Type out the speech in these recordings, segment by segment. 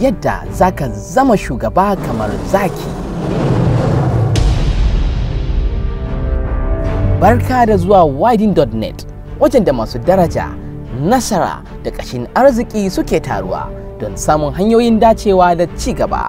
yadda za ka zama shugaba kamar zaki. Barka da zuwa widen.net wajen da masu daraja, nasara da ƙashin arziki suke taruwa don samun hanyoyin dacewa da ci gaba.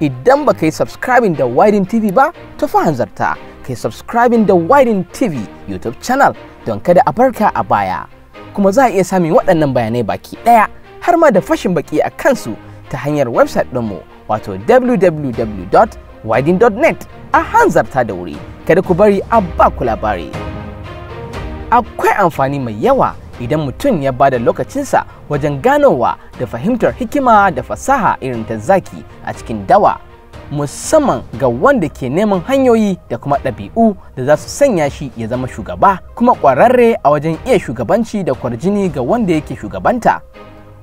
Idan ba ka yi subscribing da Widen TV ba, tafi hanzarta ka yi subscribing da Widen TV YouTube channel don kada a barka a baya. Kuma za a iya samun waɗannan bayanai baki ɗaya har ma da fashin baki a kansu ta hanyar website ɗinmu wato www.widing.net a hanzarta da wuri kada ku bari a ba ku labari akwai amfani mai yawa idan mutum ya ba da lokacinsa wajen ganowa da fahimtar hikima da fasaha irin ta zaki a cikin dawa musamman ga wanda ke neman hanyoyi da kuma ɗabi'u da za su sanya shi ya zama shugaba kuma ƙwararre a wajen iya shugabanci da kwarjini ga wanda yake shugabanta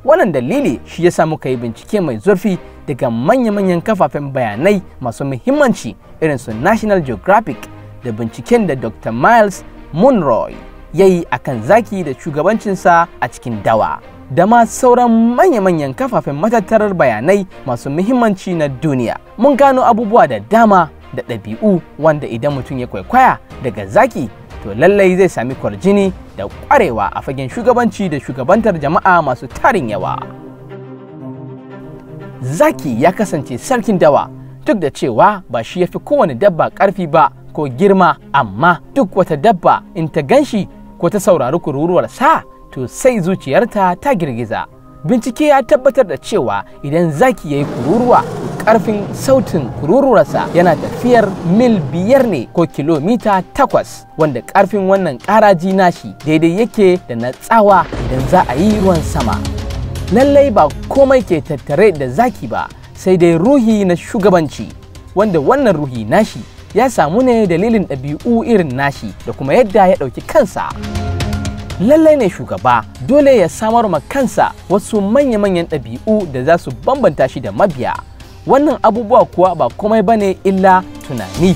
wannan dalili shi ya sa muka yi bincike mai zurfi daga manya-manyan kafafen bayanai masu muhimmanci irin su national geographic da binciken da dr miles munroy ya yi a kan zaki da shugabancinsa a cikin dawa da ma sauran manya-manyan kafafen matattarar bayanai masu muhimmanci na duniya mun gano abubuwa da dama da ɗabi'u wanda idan mutum ya kwaikwaya daga zaki to lallai zai sami kwarjini da ƙwarewa a fagen shugabanci da shugabantar jama'a masu tarin yawa. Zaki ya kasance sarkin dawa duk da cewa ba shi ya fi kowane dabba ƙarfi ba ko girma amma duk wata dabba in ta ganshi ko ta saurari kururuwar sa to sai zuciyarta ta girgiza. Bincike ya tabbatar da cewa idan zaki ya yi kururuwa karfin sautin kururuwarsa yana tafiyar mil biyar ne ko kilomita takwas wanda karfin wannan karaji nashi daidai yake da na tsawa idan za a yi ruwan sama lallai ba komai ke tattare da zaki ba sai dai ruhi na shugabanci wanda wannan ruhi nashi ya samu ne dalilin ɗabi'u irin nashi da kuma yadda ya ɗauki kansa lallai ne shugaba dole ya samar ma kansa wasu manya-manyan ɗabi'u da za su bambanta shi da mabiya wannan abubuwa kuwa ba komai ba ne illa tunani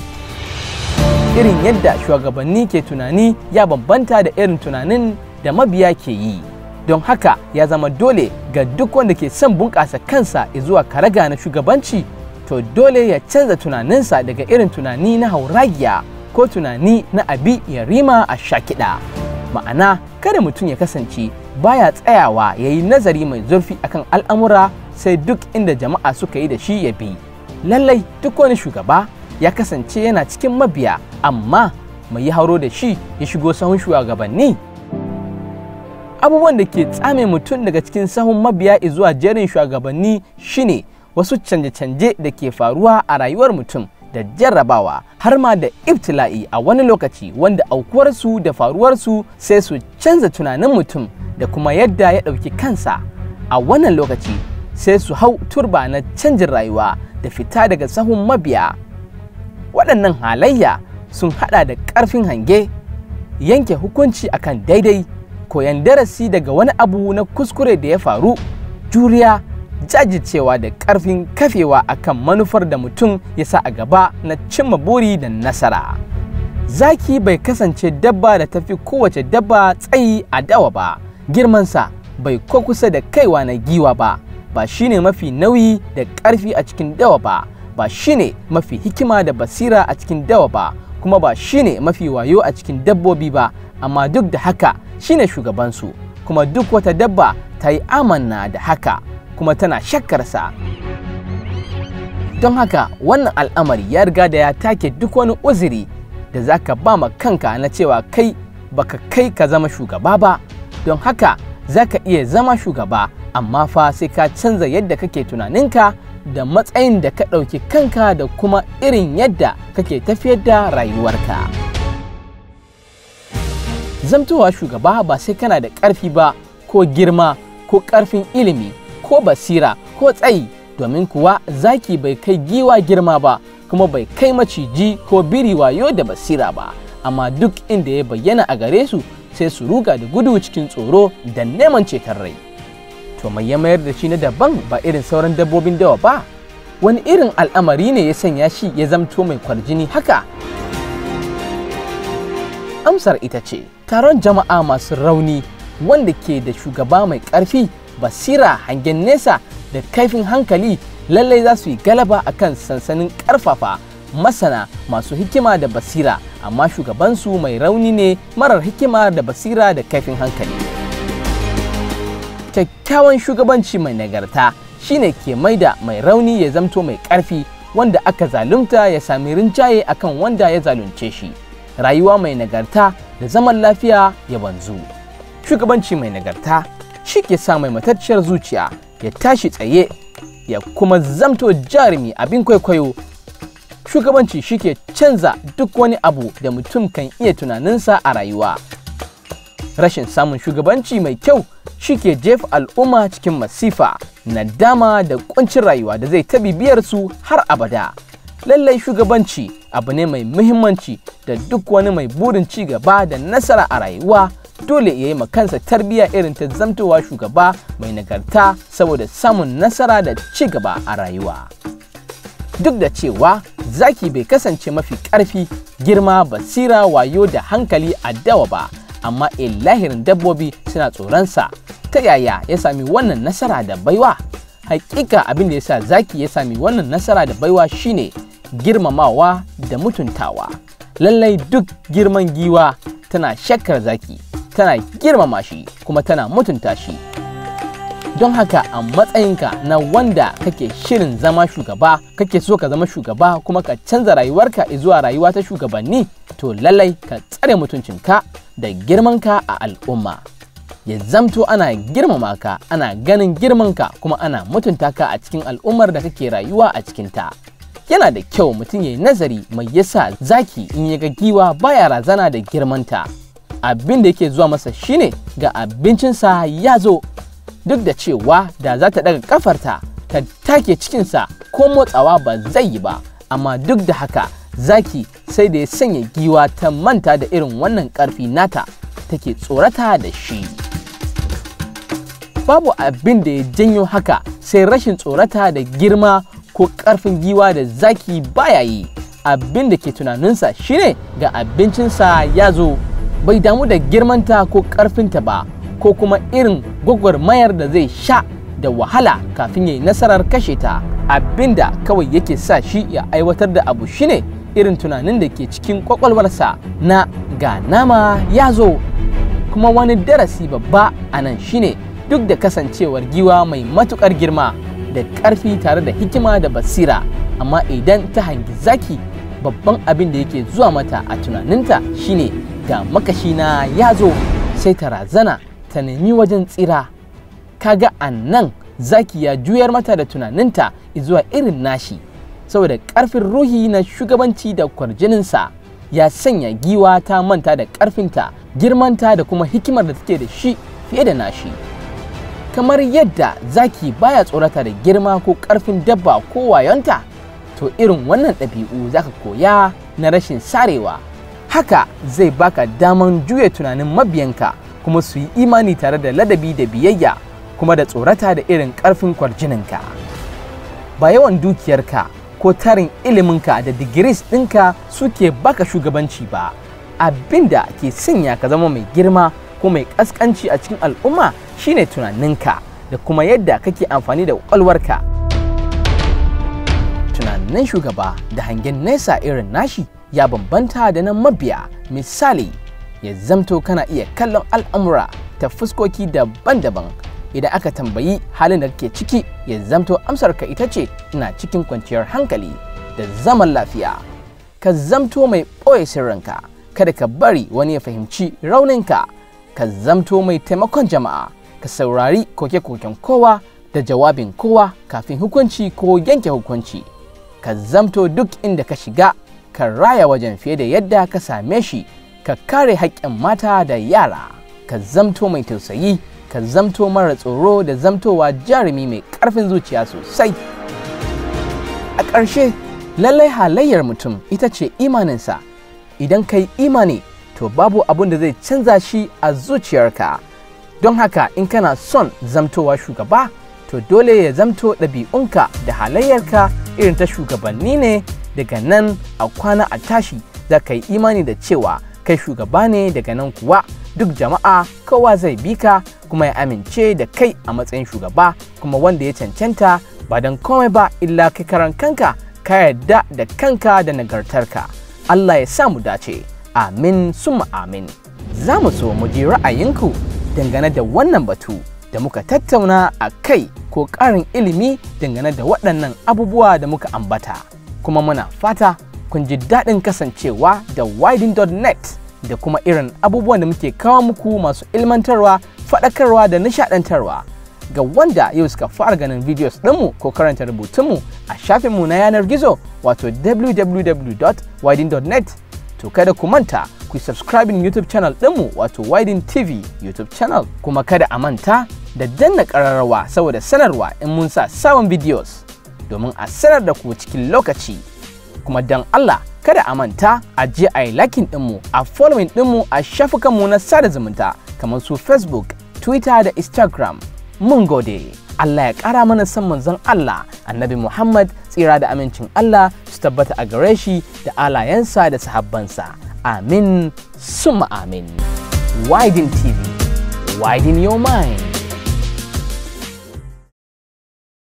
irin yadda shugabanni ke tunani ya bambanta da irin tunanin da mabiya ke yi don haka ya zama dole ga duk wanda ke son bunƙasa kansa zuwa karaga na shugabanci to dole ya canza tunaninsa daga irin tunani na hauragiya ko tunani na abi ya rima a shakiɗa ma'ana kada mutum ya kasance baya tsayawa ya yi nazari mai zurfi akan al'amura sai duk inda jama'a suka yi da shi ya bi lallai duk wani shugaba ya kasance yana cikin mabiya amma mai yi hauro da shi ya shigo sahun shugabanni abubuwan da ke tsame mutum daga cikin sahun mabiya zuwa jerin shugabanni shine wasu canje-canje da ke faruwa a rayuwar mutum da jarrabawa har ma da ibtila'i a wani lokaci wanda aukuwarsu da faruwarsu sai su canza tunanin mutum da kuma yadda ya ɗauki kansa a wannan lokaci sai su hau turba na canjin rayuwa da fita daga sahun mabiya waɗannan halayya sun haɗa da ƙarfin hange yanke hukunci akan daidai koyan darasi daga wani abu na kuskure da ya faru juriya jajircewa da ƙarfin kafewa akan manufar da mutum ya sa a gaba na cimma buri da nasara zaki bai kasance dabba da tafi kowace dabba tsayi a dawa ba girmansa bai ko kusa da kaiwa na giwa ba ba shine mafi nauyi da ƙarfi a cikin dawa ba ba shine mafi hikima da basira a cikin dawa ba kuma ba shine mafi wayo a cikin dabbobi ba amma duk da haka shine shugabansu kuma duk wata dabba ta yi amanna da haka kuma tana shakkarsa don haka wannan al'amari ya riga da ya take duk wani uziri da za ka ba ma kanka na cewa kai baka kai ka zama shugaba ba don haka za ka iya zama shugaba amma fa sai ka canza yadda kake tunaninka da matsayin da ka ɗauki kanka da kuma irin yadda kake tafiyar da rayuwarka zamtowa shugaba ba sai kana da ƙarfi ba ko girma ko ƙarfin ilimi ko basira ko tsayi domin kuwa zaki bai kai giwa girma ba kuma bai kai maciji ko biri wayo da basira ba amma duk inda ya bayyana a gare su sai su ruga da gudu cikin tsoro da neman ceton rai to mai ya mayar da shi na daban ba irin sauran dabbobin dawa ba wani irin al'amari ne ya sanya shi ya zamto mai kwarjini haka amsar ita ce taron jama'a masu rauni wanda ke da shugaba mai ƙarfi basira hangen nesa da kaifin hankali lallai za su yi galaba akan sansanin ƙarfafa masana masu hikima da basira amma shugabansu mai rauni ne marar hikima da basira da kaifin hankali kyakkyawan shugabanci mai nagarta shine ke maida mai rauni ya zamto mai ƙarfi wanda aka zalunta ya sami rinjaye akan wanda ya zalunce shi rayuwa mai nagarta da zaman lafiya ya banzu shugabanci mai nagarta shi ke sa mai matacciyar zuciya ya tashi tsaye ya kuma zamto jarumi abin kwaikwayo shugabanci shi ke canza duk wani abu da mutum kan iya tunaninsa a rayuwa rashin samun shugabanci mai kyau shi ke jefa al'umma cikin masifa nadama da kuncin rayuwa da zai ta bibiyar su har abada lallai shugabanci abu ne mai muhimmanci da duk wani mai burin ci gaba da nasara a rayuwa dole ya yi kansa tarbiyya irin ta zamtowa shugaba mai nagarta saboda samun nasara da ci gaba a rayuwa duk da cewa zaki bai kasance mafi ƙarfi girma basira wayo da hankali a dawa ba amma lahirin dabbobi suna tsoronsa ta yaya ya sami wannan nasara da baiwa hakika abin da ya sa zaki ya sami wannan nasara da baiwa shine girmamawa da mutuntawa lallai duk girman giwa tana shakkar zaki tana girmama shi kuma tana mutunta shi don haka a matsayinka na wanda kake shirin zama shugaba kake so ka zama shugaba kuma ka canza rayuwarka zuwa rayuwa ta shugabanni to lallai ka tsare mutuncinka da girmanka a al'umma ya zamto ana girmama ka ana ganin girmanka kuma ana mutunta ka a cikin al'ummar da kake rayuwa a cikinta yana da kyau mutum ya yi nazari mai yasa zaki in ya ga giwa baya razana da girmanta abin da yake zuwa masa shine ga abincinsa ya zo duk da cewa da za ta daga kafarta ta take cikinsa ko motsawa ba zai yi ba amma duk da haka zaki sai da ya sanya giwa ta manta da irin wannan karfi nata take tsorata da shi babu abin da ya janyo haka sai rashin tsorata da girma ko karfin giwa da zaki baya yi abin da ke tunaninsa shine ga abincinsa ya zo bai damu da girmanta ko karfinta ba ko kuma irin mayar da zai sha da wahala kafin ya yi nasarar kashe ta abinda kawai yake sa shi ya aiwatar da abu shine irin tunanin da ke cikin kwakwalwarsa na ga nama ya zo kuma wani darasi babba a nan shine duk da kasancewar giwa mai matukar girma da ƙarfi tare da hikima da basira amma idan ta hangi zaki babban abin da yake zuwa mata a tunaninta shine ga makashi na ya zo sai ta razana ta nemi wajen tsira kaga annan zaki ya juyar mata da tunaninta zuwa irin nashi saboda ƙarfin ruhi na shugabanci da kwarjininsa ya sanya giwa ta manta da ƙarfinta girmanta da kuma hikimar da take da shi fiye da nashi kamar yadda zaki baya tsorata da girma ko ƙarfin dabba ko wayonta to irin wannan ɗabi'u zaka koya na rashin sarewa haka zai baka daman juya tunanin mabiyanka kuma su yi imani tare da ladabi da biyayya kuma da tsorata da irin ƙarfin kwarjininka ba yawan dukiyarka ko tarin iliminka da digiris ɗinka suke baka shugabanci ba abinda ke sanya ka zama mai girma ko mai ƙasƙanci a cikin al'umma shine tunaninka da kuma yadda kake amfani da ƙwaƙwalwarka tunanin shugaba da hangen nesa irin nashi ya bambanta da na mabiya misali ya zamto kana iya kallon al'amura ta fuskoki daban-daban idan aka tambayi halin da kake ciki ya zamto ka ita ce ina cikin kwanciyar hankali da zaman lafiya ka zamto mai ɓoye sirrinka kada ka bari wani ya fahimci rauninka ka zamto mai taimakon jama'a ka saurari koke-koken kowa da jawabin kowa kafin hukunci ko yanke hukunci ka zamto duk inda ka shiga ka raya wajen fiye da yadda ka same shi ka kare haƙƙin mata da yara ka zamto mai tausayi ka zamto mara tsoro da zamtowa jarumi mai ƙarfin zuciya sosai a ƙarshe lallai halayyar mutum ita ce imaninsa idan ka yi imani to babu abin da zai canza shi a zuciyarka don haka in kana son zamtowa shugaba to dole ya zamto ɗabi'unka da halayyarka irin ta shugabanni ne daga nan a kwana a tashi za ka yi imani da cewa kai shugaba ne daga nan kuwa duk jama'a kowa zai bi ka kuma ya amince da kai a matsayin shugaba kuma wanda ya cancanta ba don komai ba illa kai karan kanka ka yarda da kanka da nagartarka Allah ya sa mu dace amin summa amin za mu so mu ji ra'ayinku dangane da wannan batu da muka tattauna a kai ko karin ilimi dangane da waɗannan abubuwa da muka ambata kuma muna fata kun ji daɗin kasancewa da widen.net da kuma irin abubuwan da muke kawo muku masu ilmantarwa faɗakarwa da nishaɗantarwa ga wanda yau suka fara ganin videos ɗinmu ko karanta rubutunmu a shafinmu na yanar gizo wato www.widen.net to kada ku manta ku subscribe youtube channel ɗinmu wato widen tv youtube channel kuma kada a manta da danna ƙararrawa saboda sanarwa in mun sa sabon videos domin a sanar da ku cikin lokaci kuma dan allah kada a manta a je a yi lakin ɗinmu a following ɗinmu a shafukanmu na sada zumunta kamar su facebook twitter da instagram mun gode Allah ya kara mana san manzon Allah annabi Muhammad tsira da amincin Allah su tabbata a gare shi da alayensa da sahabbansa amin suma amin widen tv widen your mind